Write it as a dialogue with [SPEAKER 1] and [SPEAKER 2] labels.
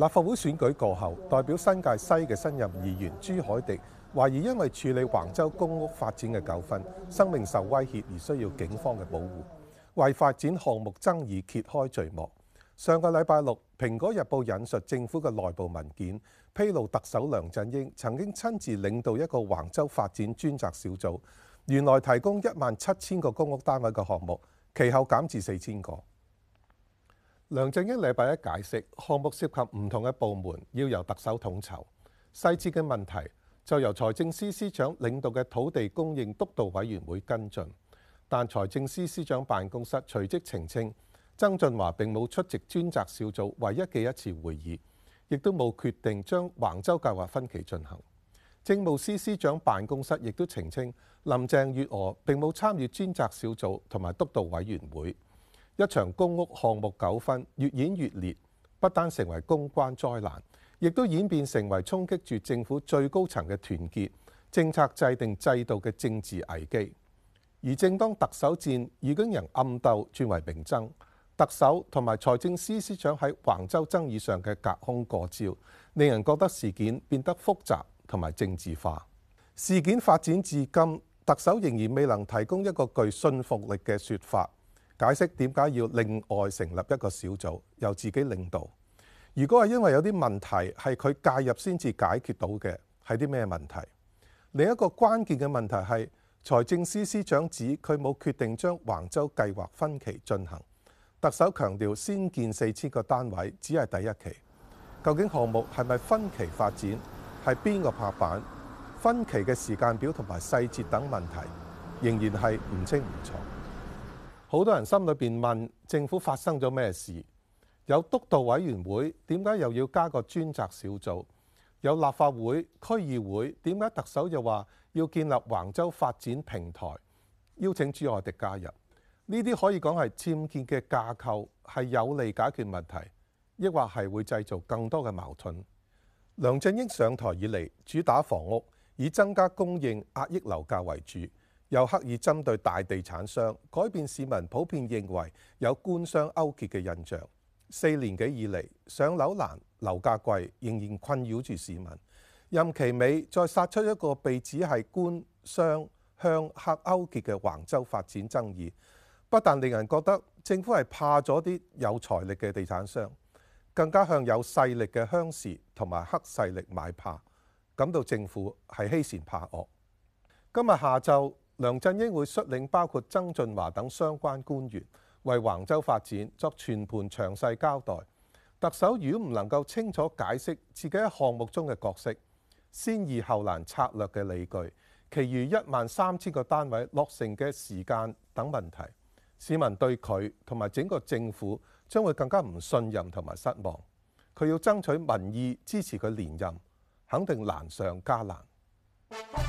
[SPEAKER 1] 立法會選舉過後，代表新界西嘅新任議員朱凱迪懷疑因為處理橫洲公屋發展嘅糾紛，生命受威脅而需要警方嘅保護。為發展項目爭議揭開序幕。上個禮拜六，《蘋果日報》引述政府嘅內部文件，披露特首梁振英曾經親自領導一個橫洲發展專責小組。原來提供一萬七千個公屋單位嘅項目，其後減至四千個。梁振英禮拜一解釋，項目涉及唔同嘅部門，要由特首統籌，細節嘅問題就由財政司司長領導嘅土地供應督導委員會跟進。但財政司司長辦公室隨即澄清，曾俊華並冇出席專責小組唯一嘅一次會議，亦都冇決定將橫洲計劃分期進行。政務司司長辦公室亦都澄清，林鄭月娥並冇參與專責小組同埋督導委員會。一場公屋項目糾紛越演越烈，不單成為公關災難，亦都演變成為衝擊住政府最高層嘅團結，政策制定制度嘅政治危機。而正當特首戰已經由暗鬥轉為明爭，特首同埋財政司司長喺橫洲爭議上嘅隔空過招，令人覺得事件變得複雜同埋政治化。事件發展至今，特首仍然未能提供一個具信服力嘅說法。解釋點解要另外成立一個小組由自己領導？如果係因為有啲問題係佢介入先至解決到嘅，係啲咩問題？另一個關鍵嘅問題係財政司司長指佢冇決定將橫洲計劃分期進行。特首強調先建四千個單位只係第一期。究竟項目係咪分期發展？係邊個拍板？分期嘅時間表同埋細節等問題仍然係唔清唔楚。好多人心裏邊問政府發生咗咩事？有督導委員會，點解又要加個專責小組？有立法會、區議會，點解特首又話要建立橫洲發展平台，邀請朱凱廸加入？呢啲可以講，係僭建嘅架構，係有利解決問題，抑或係會製造更多嘅矛盾？梁振英上台以嚟主打房屋，以增加供應壓抑樓價為主。又刻意針對大地產商改變市民普遍認為有官商勾結嘅印象。四年幾以嚟，上樓難、樓價貴仍然困擾住市民。任期尾再殺出一個被指係官商鄉黑勾結嘅橫洲發展爭議，不但令人覺得政府係怕咗啲有財力嘅地產商，更加向有勢力嘅鄉事同埋黑勢力買怕，感到政府係欺善怕惡。今日下晝，梁振英會率領包括曾俊華等相關官員，為橫洲發展作全盤詳細交代。特首如果唔能夠清楚解釋自己喺項目中嘅角色，先易後難策略嘅理據，其餘一萬三千個單位落成嘅時間等問題，市民對佢同埋整個政府將會更加唔信任同埋失望。佢要爭取民意支持佢連任，肯定難上加難。